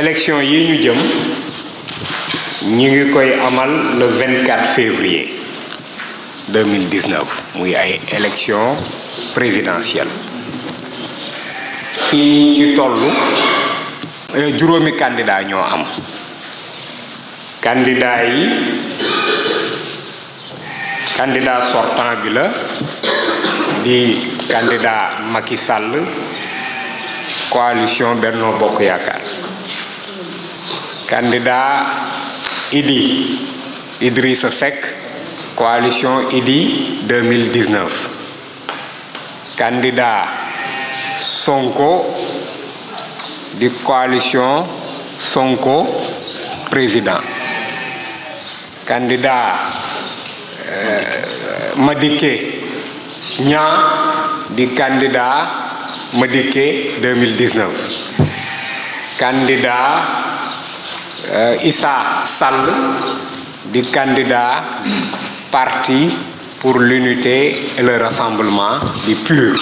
élection yi ñu jëm amal le 24 février 2019 muy ay élection présidentielle fii ci toll eh, juróomi candidat ñoo am candidat candidat sortant bi la candidat Macky Sall coalition Benno Bokk candidat IDI, Idrissa Seck, coalition IDI 2019. Candidat Sonko, de coalition Sonko, président. Candidat euh, Madike du candidat Madike 2019. Candidat euh, Issa Sall di candidat parti pour l'unité et le rassemblement du PUR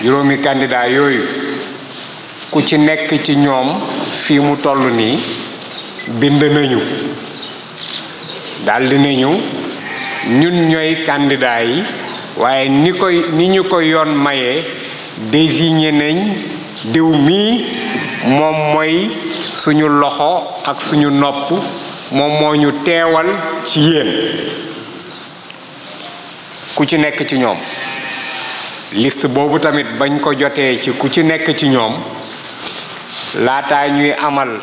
juróomi candidat yooyu ku ci nekk ci ñoom fii mu toll nii bind nañu daldi nañu ñun ñooy candidat yi waaye ni koy ni ñu ko yoon mayee désigné nañ diw mii moom mooy suñu loxo ak suñu nopp moom moo ñu teewal ci yéen ku ci nekk ci ñoom list boobu tamit bañ ko jotee ci ku ci nekk ci ñoom laataa ñuy amal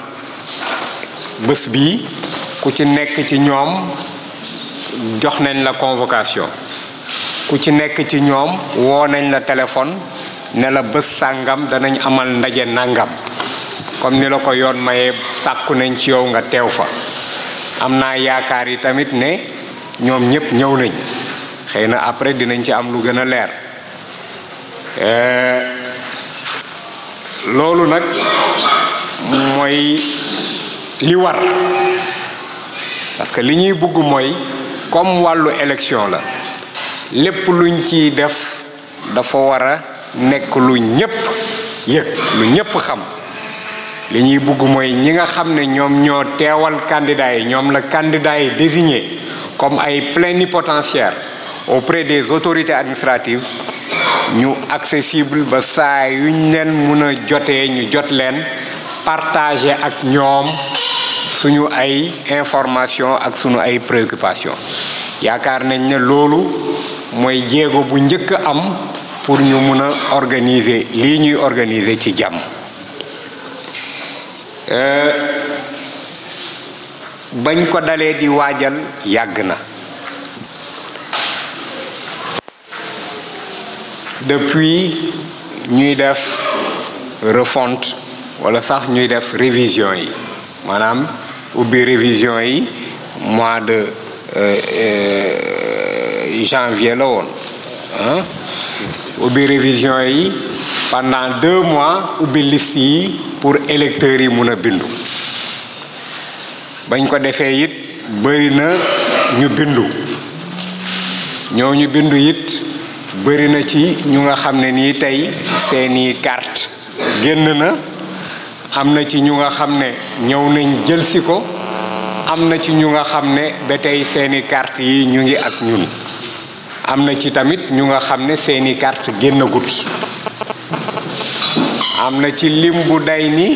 bés bii ku ci nekk ci ñoom jox nañ la convocation ku ci nekk ci ñoom woo nañ la téléphone ne la bés sàngam danañ amal ndaje nàngam comme ni la ko yoon mayee sàkku nañ ci yow nga teew fa am naa yaakaar yi tamit ne ñoom ñépp ñëw nañ xëy na après dinañ ci am lu gën a leer euh, loolu nag mooy li war parce que li ñuy bugg mooy comme wàllu élection la lépp luñ ciy def dafa war a nekk lu ñépp yëg lu ñépp xam li ñuy bugg mooy ñi nga xam ne ñoom ñoo teewal candidat yi ñoom la candidat yi désigné comme ay au auprès des autorités administratives ñu accessible ba saa yuñ leen mun a jotee ñu jot leen partage ak ñoom suñu ay information ak suñu ay préoccupation yaakaar nañ ne loolu mooy jéego bu njëkk am pour ñu mun a organiser lii ñuy organiser ci jàmm Euh, bañ ko dalé di wajal yàgg na depuis ñuy def refonte wala sax ñuy def révision yi maanaam ubbi révision yi mois de euh, euh, janvier la woon ah ubbi révision yi pendant deux mois ubbi liste yi pour électeurs yi mun a bindu bañ ko defee it bëri na ñu bindu ñu bindu yit bëri na ci ñu nga xam ne nii tey seeni carte génn na am na ci ñu nga xam ne ñëw nañ jëlsi ko am na ci ñu nga xam ne ba tey seeni carte yi ñu ngi ak ñun am na ci tamit ñu nga xam ne seeni carte génnagut am na ci lim bu day ni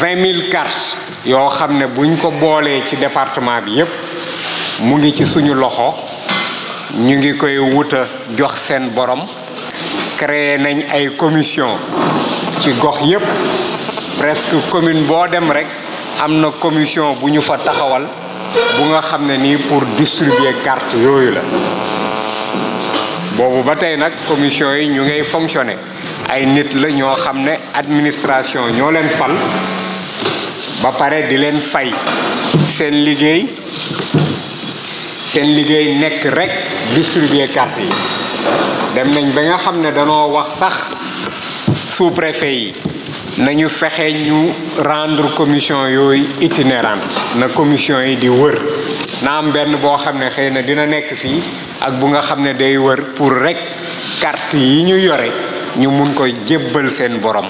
vingt cartes yoo xam ne buñ ko boolee ci département bi yépp mu ngi ci suñu loxo ñu ngi koy wuta jox seen borom créé nañ ay commission ci gox yépp presque commune boo dem rek am na commission bu ñu fa taxawal bu nga xam ne nii pour distribuer carte yooyu la boobu ba tey nag commission yi ñu ngay fonctionner ay nit la ñoo xam ne administration ñoo leen fal ba pare di leen fay seen liggéey seen liggéey nekk rek distribuer carte yi dem nañ ba nga xam ne danoo wax sax sous préfet yi nañu fexe ñu rendre commission yooyu itinérante na commission yi di wër na am benn boo xam ne xëy na dina nekk fii ak bu nga xam ne day wër pour rek carte yi ñu yore ñu mun ko jébbal seen borom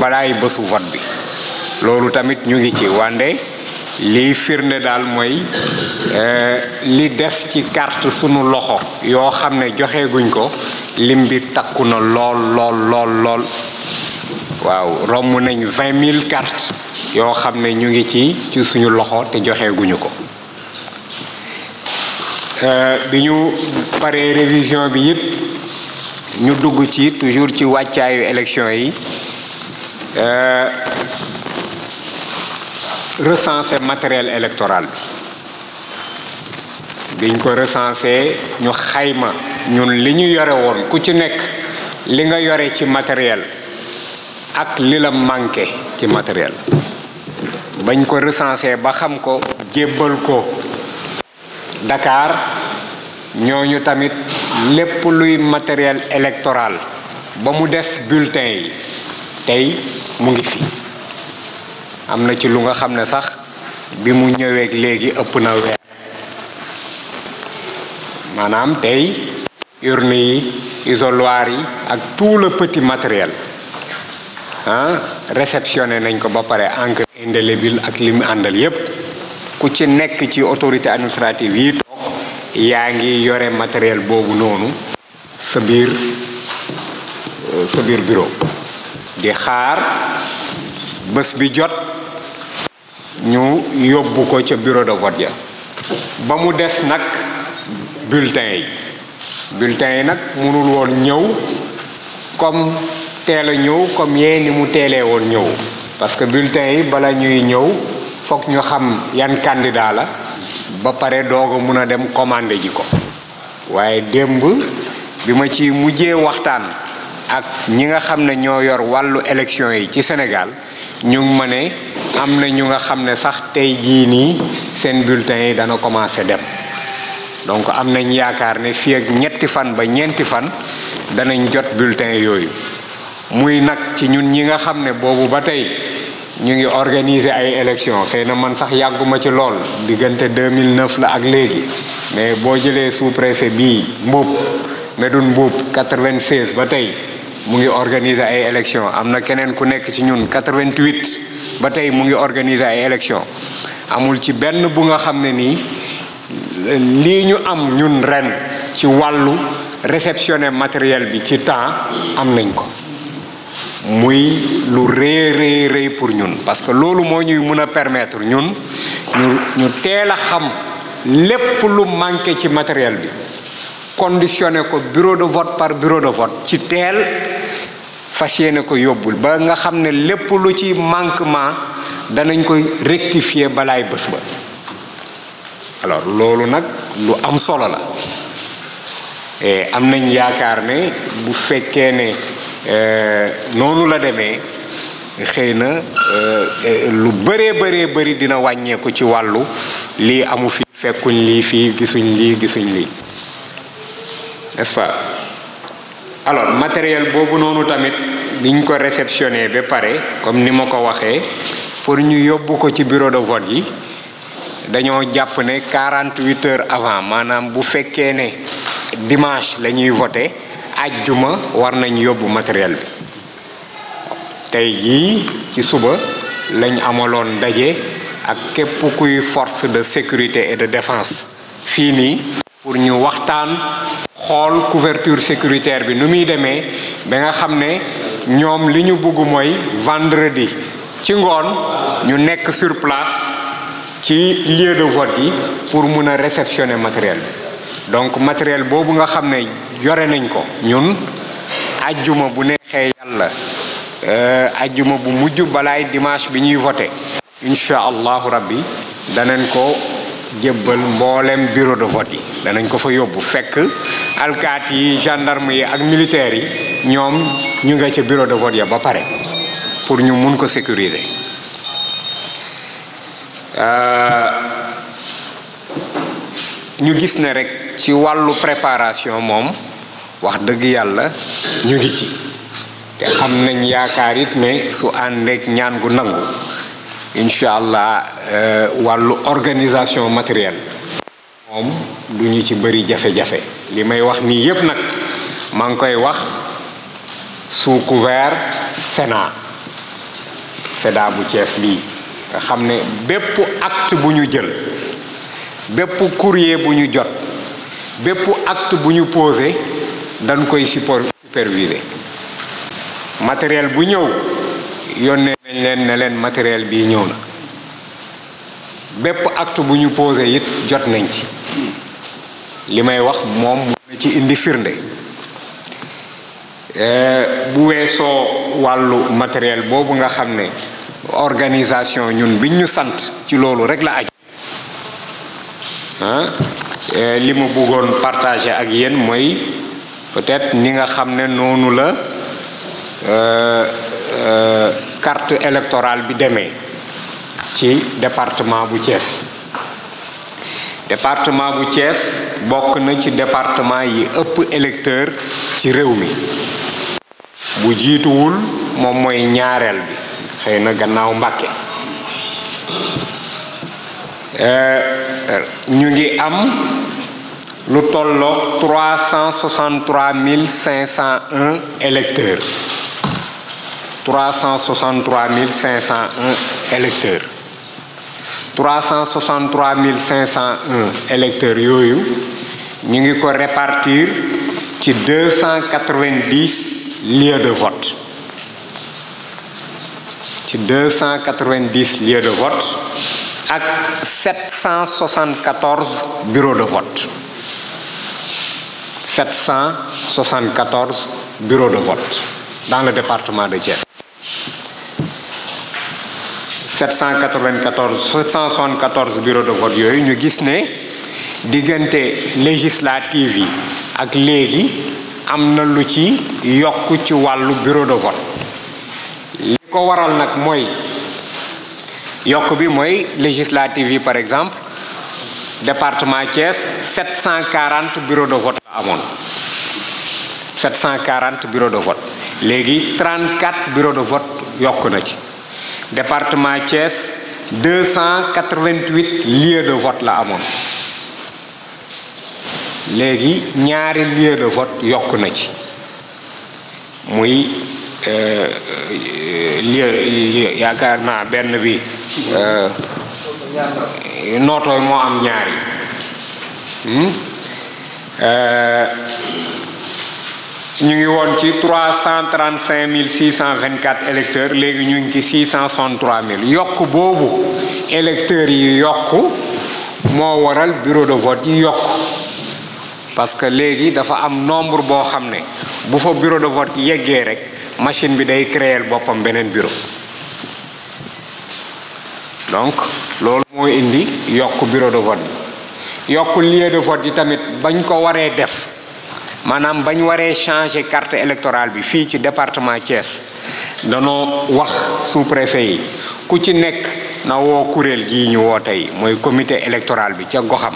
balaay bésu vote bi loolu tamit ñu ngi ci wande liy firnde daal mooy euh, li def ci carte suñu loxo yoo xam ne joxeeguñ ko lim bi takku na lool lool lool waaw romb nañ vingt mille cartes yoo xam ne ñu ngi ci ci suñu loxo te joxeeguñu ko euh, bi ñu paree révision bi yëpp ñu dugg ci toujours ci wàccaayu élection yi euh, recenser matériel électoral biñ ko recenser ñu xayma ñun li ñu yore woon ku ci nekk li nga yoré ci matériel ak li la manqué ci matériel bañ ko recenser ba xam ko djébal ko Dakar ñoñu tamit lépp luy matériel électoral ba mu def bulletin yi tey mu ngi fi am na ci lu nga xam ne sax bi mu ñëweek léegi ëpp na weer maanaam tey urne yi isoloir yi ak tout le petit matériel ah réceptionné nañ ko ba pare encre indélébile ak li mu àndal yépp ku ci nekk ci autorité administrative yi yaa ngi yore matériel boobu noonu sa biir sa biir bureau di xaar bés bi jot ñu yóbbu ko ca bureau de vote ya ba mu des nag bulletin yi bulletin yi nag mënul woon ñëw comme teel a ñëw comme yee ni mu teelee woon ñëw parce que bulletin yi bala ñuy ñëw fokk ñu xam yan candidat la ba pare doog a mun a dem commandé ji ko waaye démb bi ma ci mujjee waxtaan ak ñi nga xam ne ñoo yor wàllu élection yi ci Sénégal ñu ma ne am na ñu nga xam ne sax tey jii nii seen bulletin yi dana commencé dem donc am nañ yaakaar ne fii ñetti fan ba ñeenti fan danañ jot bulletin yooyu muy nag ci ñun ñi nga xam ne boobu ba tey ñu ngi organiser ay élections xëy na man sax yàgguma ci lool diggante 2009 la ak léegi mais boo jëlee sous-préfet bii Mbuup Medoune Mbuup 96 ba tey mu ngi organiser ay élections am na keneen ku nekk ci ñun 88 ba tey mu ngi organiser ay élections amul ci benn bu nga xam ne nii lii ñu am ñun ren ci wàllu réceptionner matériel bi ci temps am nañ ko. muy lu rëy rëy rëy pour ñun parce que loolu moo ñuy mën a permettre ñun ñu ñu teel a xam lépp lu manqué ci matériel bi conditionné ko bureau de vote par bureau de vote ci teel fas yéene ko yóbbul ba nga xam ne lépp lu ci manquement danañ koy rectifier balaay bés ba alors loolu nag lu am solo la am nañ yaakaar ne bu fekkee ne Euh, noonu la demee xëy na euh, euh, lu bëree bëree bëri dina wàññeeku ci wàllu lii amu fi fekkuñ lii fii gisuñ lii gisuñ lii n'est-ce pas alors matériel boobu noonu tamit biñ ko réceptionné ba pare comme ni ma ko waxee pour ñu yóbbu ko ci bureau de vote yi dañoo jàpp ne 48 heures avant maanaam bu fekkee ne dimanche la ñuy voté aljuma war nañ yóbbu matériel bi tey jii ci suba lañ amaloon daje ak képp kuy force de sécurité et de défense fii nii pour ñu waxtaan xool couverture sécuritaire bi nu muy demee ba nga xam ne ñoom li ñu bëgg mooy vendredi ci ngoon ñu nekk sur place ci lieu de vote yi pour mun a réceptionner matériel bi donc matériel boobu nga xam ne yore nañ ko ñun ajjuma bu neexee yàlla eh, ajjuma bu mujj balaay dimanche bi ñuy voté incha allahu rabbi danañ ko jëbbal mboolem bureau de vote yi danañ ko fa yóbbu fekk alkaati yi gendarme yi ak militaires yi ñoom ñu nga ca bureau de vote ya ba pare pour ñu mun ko sécuriser eh, ñu gis ne rek ci wàllu préparation moom wax dëgg yàlla ñu ngi ci te xam nañ yaakaar it ne su àndeek ñaan gu nangu incha allah euh, wàllu organisation matérielle moom du ñu ci bëri jafe-jafe li may wax nii yépp nag maa ngi koy wax sous couvert Sénat FEDA bu Thiès lii nga xam ne bépp acte bu ñu jël bépp courrier bu ñu jot bépp acte bu ñu posé dañ koy support superviser matériel bu ñëw yónnee nañ leen ne leen matériel bii ñëw na bépp acte bu ñu posé it jot nañ ci li may wax moom mun ci indi firnde euh, bu weesoo wàllu matériel boobu nga xam ne organisation ñun biñ ñu sant ci loolu rek la aj ah li ma bëggoon partager ak yéen mooy peut-être ni nga xam ne noonu la euh, euh, carte électorale bi demee ci département bu Thiès département bu Thiès bokk na ci département yi ëpp électeur ci réew mi bu jiituwul moom mooy ñaareel bi xëy na gannaaw Mbàkke euh, ñu ngi am nous avons 363 501 électeurs 363 501 électeurs 363 501 électeurs Nous allons répartir sur 290 lieux de vote Sur 290 lieux de vote À 774 bureaux de vote 774 bureaux de vote dans le département de Thiès. 794 774 bureaux de vote Nous ñu gis que avec législative législatives ak ont été lu ci yokku ci bureau de vote Les ko waral nak moy législative par exemple département Thiès 740 bureau de vote la amoon 740 bureau de léegi 34 bureau de vote yokk na ci département Thiès 288 lieu de vote la amoon léegi ñaari lieu de vote yokk na ci muy euh, euh, lieu yaakaar naa benn bi euh, Eh, nootooy moo am ñaari hmm? euh, ñu ngi woon ci trois cent trente mille six cent vingt quatre électeurs léegi ñu ngi ci six cent mille yokk boobu électeurs yi yokk moo waral bureau de vote yi yokk parce que léegi dafa am nombre boo xam ne bu fa bureau de vote yeggee rek machine bi day créer boppam beneen bureau. donc loolu mooy indi yokk bureau de vote yi yokk lieu de vote yi tamit bañ ko waree def maanaam bañ waree changer carte électorale bi fii ci département Thiès danoo wax sous-préfet yi ku ci nekk na woo kuréel gii ñu woo tey mooy comité électoral bi ca goxam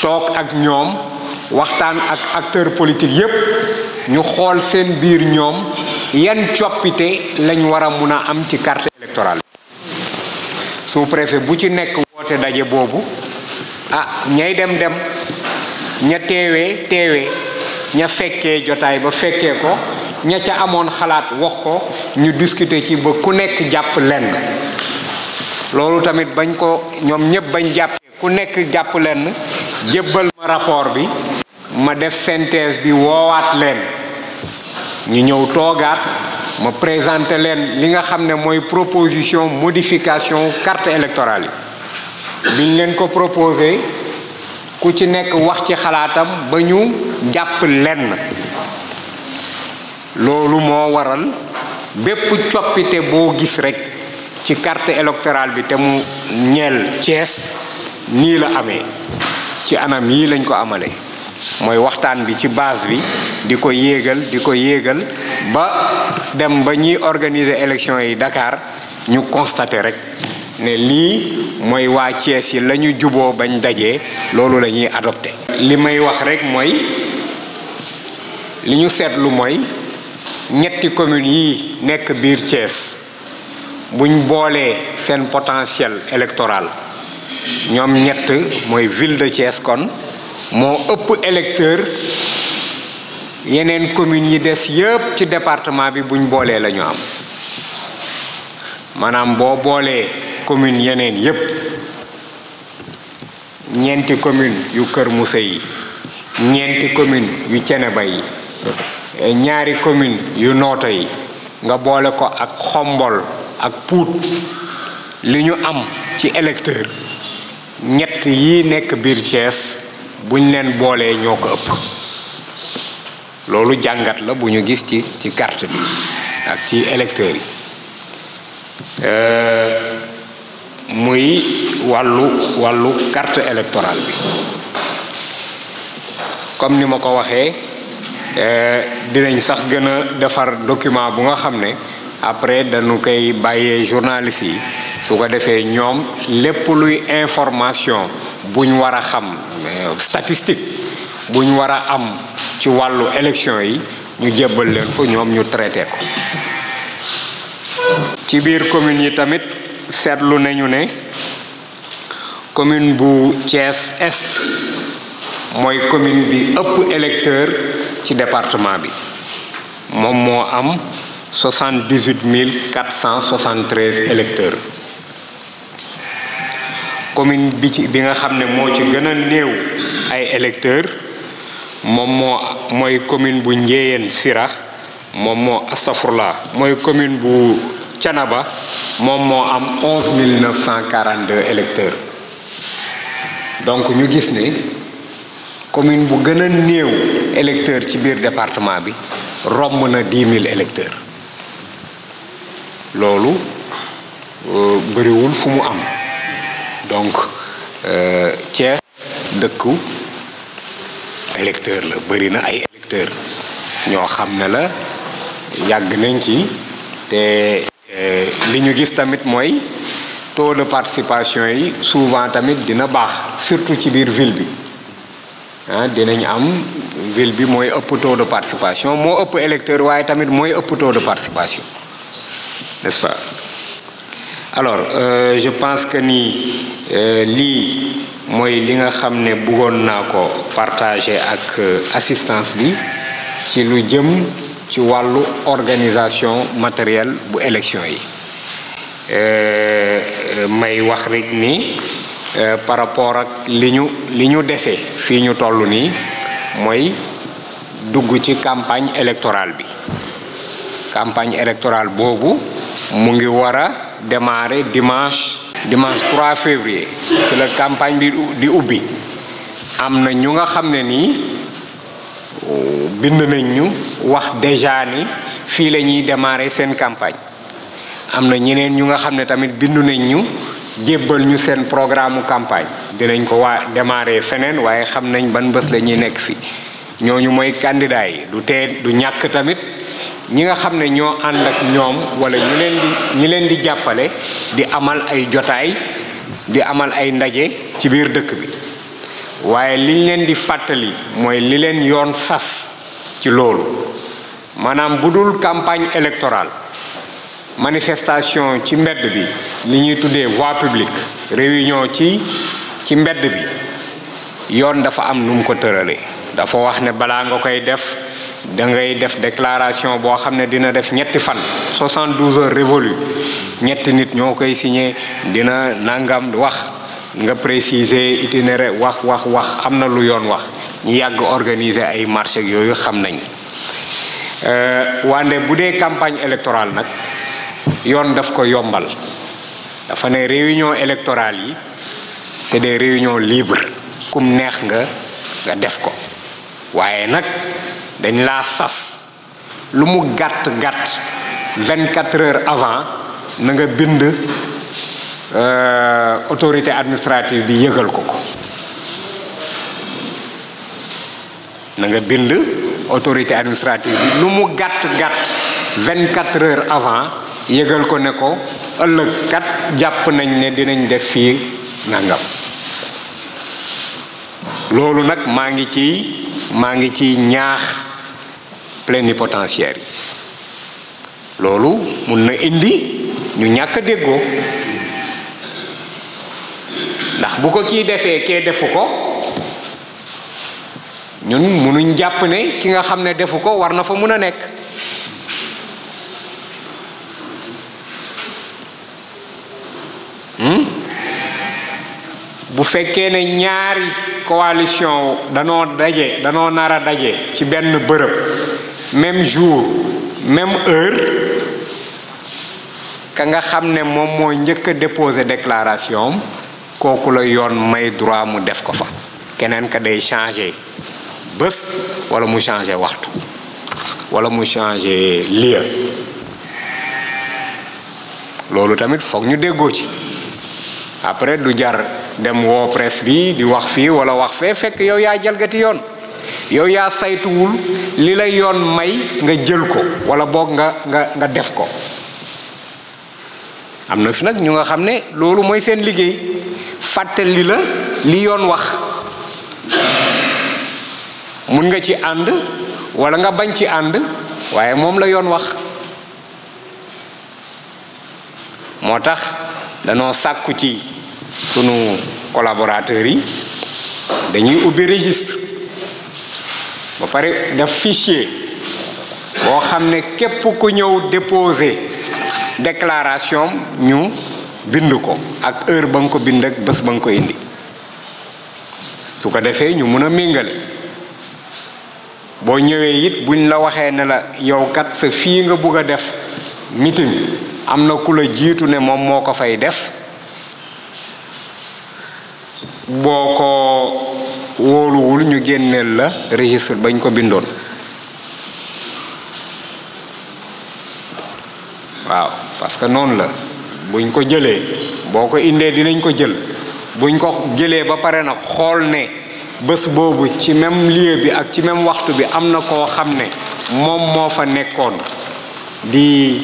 toog ak ñoom waxtaan ak acteur politique yépp ñu xool seen biir ñoom yan coppite lañ war a mun a am ci carte électorale bi su préfet bu ci nekk woote daje boobu ah ñay dem dem ña teewee teewee ña fekkee jotaay ba fekkee ko ña ca amoon xalaat wax ko ñu discuter ci ba ku nekk jàpp lenn loolu tamit bañ ko ñoom ñëpp bañ jàppee ku nekk jàpp lenn jébbal ma rapport bi ma def synthèse bi woowaat leen ñu ñëw toogaat ma présente leen li nga xam ne proposition modification carte électorale yi biñ leen ko proposé ku ci nek wax ci xalaatam ba ñu japp lenn loolu moo waral bépp coppite boo gis rek ci carte électorale bi te mu ñeel Cees nii la amee ci anam yii lañ ko amalee mooy waxtaan bi ci base bi di ko yéegal di ko yéegal ba dem ba ñuy organiser élection yi Dakar ñu constater rek ne lii mooy waa Thiès yi la juboo bañ dajee loolu la ñuy adopté li may wax rek mooy li ñu seetlu mooy ñetti communes yi nekk biir Thiès buñ boolee seen potentiel électoral ñoom ñett mooy ville de Thiès kon moo ëpp électeur yeneen communes yi des yépp ci département bi buñ boolee la am maanaam boo boolee commune yeneen yépp ñeenti commune yu Kër Moussa yi ñeenti commune yu Ceneba yi ñaari commune yu Nooto yi nga boole ko ak Xombol ak Pout li ñu am ci électeur ñett yi nekk biir Thiès buñ leen boolee ñoo ko ëpp loolu jàngat la bu ñu gis ci ci carte bi ak ci électeurs yi euh, muy wàllu wàllu carte électorale bi comme ni ma ko waxee euh, dinañ sax gën a defar document bu nga xam ne après dañu koy bàyyee journalistes yi su ko defee ñoom lépp luy information buñ wara xam statistique buñ wara am ci walu élection yi ñu jébal leen ko ñoom ñu traité ko ci biir commune yi tamit seetlu nañu ne commune bu Thiès Est mooy commune bi ëpp électeur ci département bi moom moo am 78 473 électeurs commune bi ci bi nga xam ne moo ci gën a néew ay électeurs moom moo mooy commune bu Njéyeen Sira moom moo astafurla mooy commune bu Canaba moom moo am 11 942 électeurs donc ñu gis ne commune bu gën a néew électeur ci biir département bi romb na 10 000 électeurs loolu euh, bëriwul fu mu am donc euh, Thiès dëkku électeur la bëri na ay électeur ñoo xam ne la yàgg nañ ci te euh, li ñu gis tamit mooy taux de participation yi souvent tamit dina baax surtout ci biir ville bi ah dinañ am ville bi mooy ëpp taux de participation moo ëpp électeur waaye tamit mooy ëpp taux de participation n'est-ce alors euh, je pense que ni que euh, nous li nga xamné l'assistance partager ak euh, assistance bi ci lu jëm ci matérielle bu l'élection. yi may wax rek ni par rapport ak liñu que nous avons fait ñu dugg ci campagne électorale bi campagne électorale boobu mu ngi démarré dimanche dimanche 3 février ci la campagne bi di ubbi am na ñu nga xam ne nii bind nañ ñu wax déjà ni fii la ñuy démarré seen campagne am na ñeneen ñu nga xam ne tamit bind nañ ñu jébbal ñu seen programme campagne dinañ ko waa démarré feneen waaye xam nañ ban bés la ñuy nekk fii ñooñu mooy candidat yi du tee du ñàkk tamit ñi nga xam ne ñoo ànd ak ñoom wala ñu leen di ñi leen di jàppale di amal ay jotaay di amal ay ndaje ci biir dëkk bi waaye liñ leen di fàttali mooy li leen yoon sas ci loolu maanaam bu dul campagne électorale manifestation ci mbedd bi li ñuy tuddee voie publique réunion ci ci mbedd bi yoon dafa am nu mu ko tëralee dafa wax ne balaa nga koy def dangay def déclaration bo xamné dina def ñetti fan 72 heures révolu ñetti nit ñokay signé dina nangam wax nga préciser itinéraire wax wax wax amna lu yoon wax ñi yag organiser ay marché yooyu xam nañ euh, wande bu campagne électorale nak yoon daf ko yombal dafa né réunion électorale yi c'est des réunions libres kum neex nga nga def ko waaye nak dañ laa sas lu mu gàtt gàtt vingt quatre heures avant na nga bind euh, autorité administrative bi yëgal ko ko na nga bind autorité administrative bi lu mu gàtt gàtt vingt quatre heures avant yëgal ko ne ko ëllëg kat jàpp nañ ne dinañ def fii nangam loolu nag maa ngi ciy maa ngi ciy ñaax plénipotentiaire yi loolu mun na indi ñu ñàkk déggoo ndax bu ko kii defee kee defu ko ñun munuñ jàpp ne ki nga xam ne defu ko war na fa mun a nekk hmm? bu fekkee ne ñaari coalition danoo daje danoo nar daje ci benn bërëb même jour même heure quand nga sais que a déposé déclaration am le droit yoon faire droit mu def ko fa keneen ka day changé bés wala mu changé waxtu wala mu changé lieu C'est tamit que ñu ci après du dem di wax wala wax yow yow yaa saytuwul li la yoon may nga jël ko wala boog nga nga nga def ko am na fi nag ñu nga xam ne loolu mooy seen liggéey fàttali la li yoon wax mun nga ci ànd walla nga bañ ci ànd waaye moom la yoon wax moo tax danoo sàkku ci sunu collaborateurs yi dañuy ubbi registre ba pare def fichier boo xam ne képp ku ñëw déposer déclaration ñu bind ko ak heure ba nga ko bind ak bés ba nga ko indi su ko defee ñu mun a méngale boo ñëwee it buñ la waxee ne la yow kat sa fii nga bugg a def meeting am na ku la jiitu ne moom moo ko fay def boo ko wóoluwul ñu génneel la registre bañ ko bindoon waaw parce que noonu la buñ ko jëlee boo ko indee dinañ ko jël buñ ko jëlee ba pare na xool ne bës boobu ci même lieu bi ak ci même waxtu bi am na koo xam ne moom moo fa nekkoon di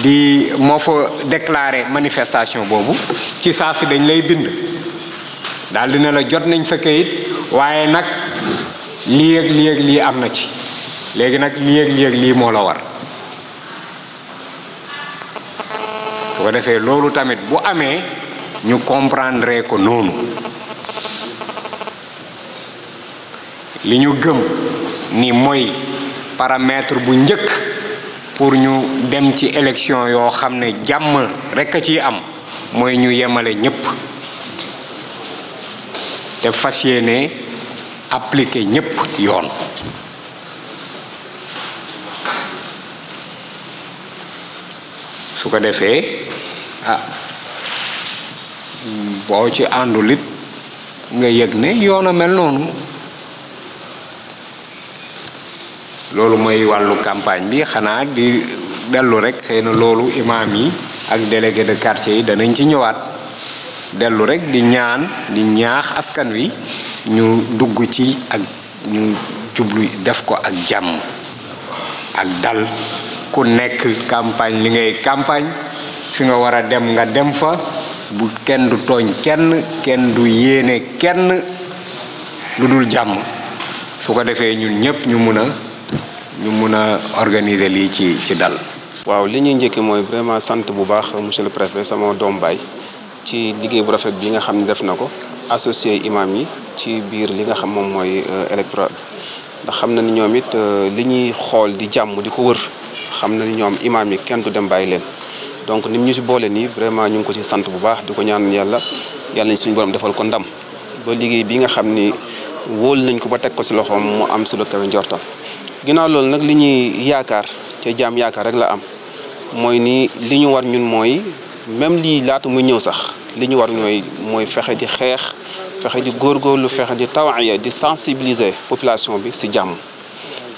di moo fa déclaré manifestation boobu ci saa si dañ lay bind daal dina la jot nañ sa kayit waaye nag lii yéeg li ak lii am na ci léegi nag lii yéeg lii moo la war su ko defee loolu tamit bu amee ñu comprendre ko noonu li ñu gëm ni mooy paramètre bu njëkk pour ñu dem ci élection yoo xam ne jàmm rekk a ciy am mooy ñu yemale ñépp te fasiyene yéene appliqué ñépp yoon su ko defee ah boo ci àndul nga yëg ne yoon a mel noonu loolu mooy wàllu campagne bi xanaa di dellu rek xëy na loolu imaam yi ak délégué de quartier yi danañ ci ñëwaat delu rek di ñaan di ñaax askan wi ñu dugg ci ak ñu jublu def ko ak jàmm ak dal ku nekk campagne li ngay campagne fi nga wara dem nga dem fa bu kenn du togn kenn kenn du yene kenn ludul jam su ko defee ñun ñëpp ñu mun a ñu mun organiser lii ci ci dal waaw li ñuy mooy vraiment sant bu baax monsieur le préfet sama doom ci liggéey bu rafet bi nga xam ne def na ko associé imam yi ci biir li nga xam moom mooy euh, électoral ndax xam na ni ñoom it euh, li ñuy xool di jàmm di ko wër xam na ni ñoom imam yi kenn du dem bàyyi leen donc ni ñu si boole nii vraiment ñu ngi ko ci sant bu baax di ko ñaan yàlla yàlla ñu suñu borom defal ko ndam ba liggéey bi nga xam ni wóol nañ ko ba teg ko si loxoom mu am si lu kawe njortam ginnaaw loolu nag li ñuy yaakaar jaam yaakaar rek la am mooy ni li ñu war ñun mooy même lii laata muy ñëw sax li ñu war ñooy mooy fexe di xeex fexe di góor góor lu fexe di tawaaya di sensibiliser population bi si jàmm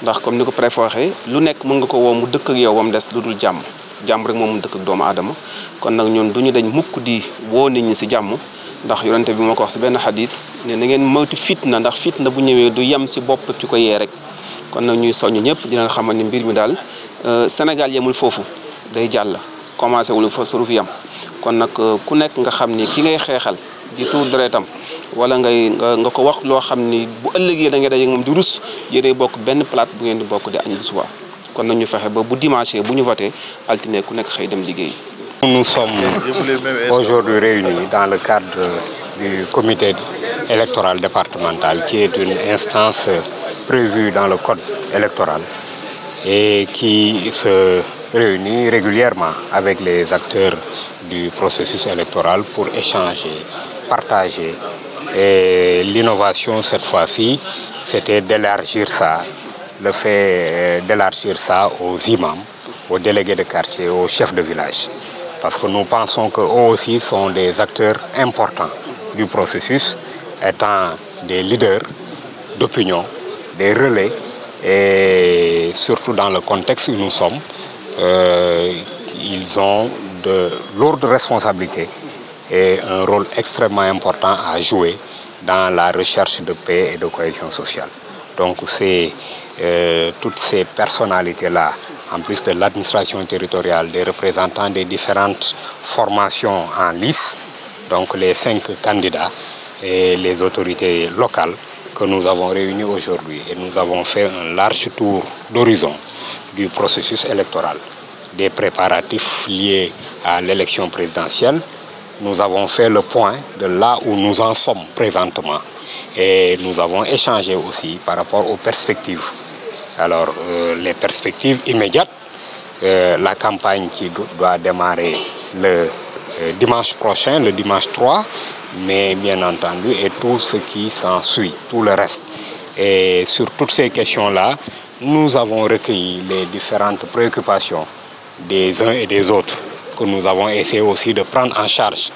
ndax comme ni ko préfet waxee lu nekk mën nga ko woo mu dëkk ak yow mu des lu dul jàmm jàmm rek moom mu dëkk doomu aadama kon nag ñun du ñu dañ mukk di woo nit ñi si jàmm ndax yonente bi moo ko wax si benn xadis ne na ngeen moytu fitna ndax fitna bu ñëwee du yem si bopp ci ko yee rek kon nag ñuy soññ ñëpp dina leen xamal ni mbir mi daal euh, Sénégal yemul foofu day jàll commencé wul fa suru fi yam kon nag euh, ku nekk nga xam ni ki ngay xeexal di tuur deretam wala ngay nga ko wax loo xamni ni bu ëllëgee da nga day ngam du rus yéré bokk ben plate bu ngeen di bokk di añ soir kon nañu fexe ba bu dimanche bu ñu voté altiné ku nek xëy dem liggéey. Nous sommes aujourd'hui réunis dans le cadre du comité électoral départemental qui est une instance prévue dans le code électoral et qui se réunis régulièrement avec les acteurs du processus électoral pour échanger, partager. Et l'innovation cette fois-ci, c'était d'élargir ça, le fait euh, d'élargir ça aux imams, aux délégués de quartier, aux chefs de village. Parce que nous pensons qu'eux aussi sont des acteurs importants du processus, étant des leaders d'opinion, des relais, et surtout dans le contexte où nous sommes, euh, ils ont de lourdes responsabilités et un rôle extrêmement important à jouer dans la recherche de paix et de cohésion sociale. Donc c'est euh, toutes ces personnalités-là, en plus de l'administration territoriale, des représentants des différentes formations en lice, donc les cinq candidats et les autorités locales, que nous avons réunis aujourd'hui et nous avons fait un large tour d'horizon du processus électoral, des préparatifs liés à l'élection présidentielle. Nous avons fait le point de là où nous en sommes présentement et nous avons échangé aussi par rapport aux perspectives. Alors, euh, les perspectives immédiates, euh, la campagne qui doit démarrer le euh, dimanche prochain, le dimanche 3, mais bien entendu, et tout ce qui s'ensuit, tout le reste. Et sur toutes ces questions-là, nous avons recueilli les différentes préoccupations des uns et des autres, que nous avons essayé aussi de prendre en charge.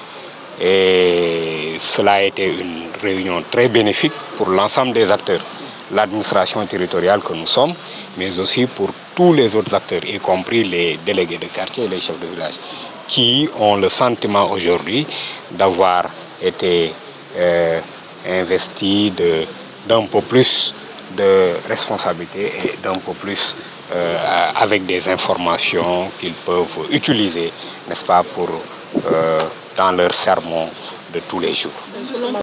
Et cela a été une réunion très bénéfique pour l'ensemble des acteurs, l'administration territoriale que nous sommes, mais aussi pour tous les autres acteurs, y compris les délégués de quartier et les chefs de village, qui ont le sentiment aujourd'hui d'avoir été euh, investi d'un peu plus de responsabilités et d'un peu plus euh, avec des informations qu'ils peuvent utiliser, n'est-ce pas, pour, euh, dans leur sermon de tous les jours.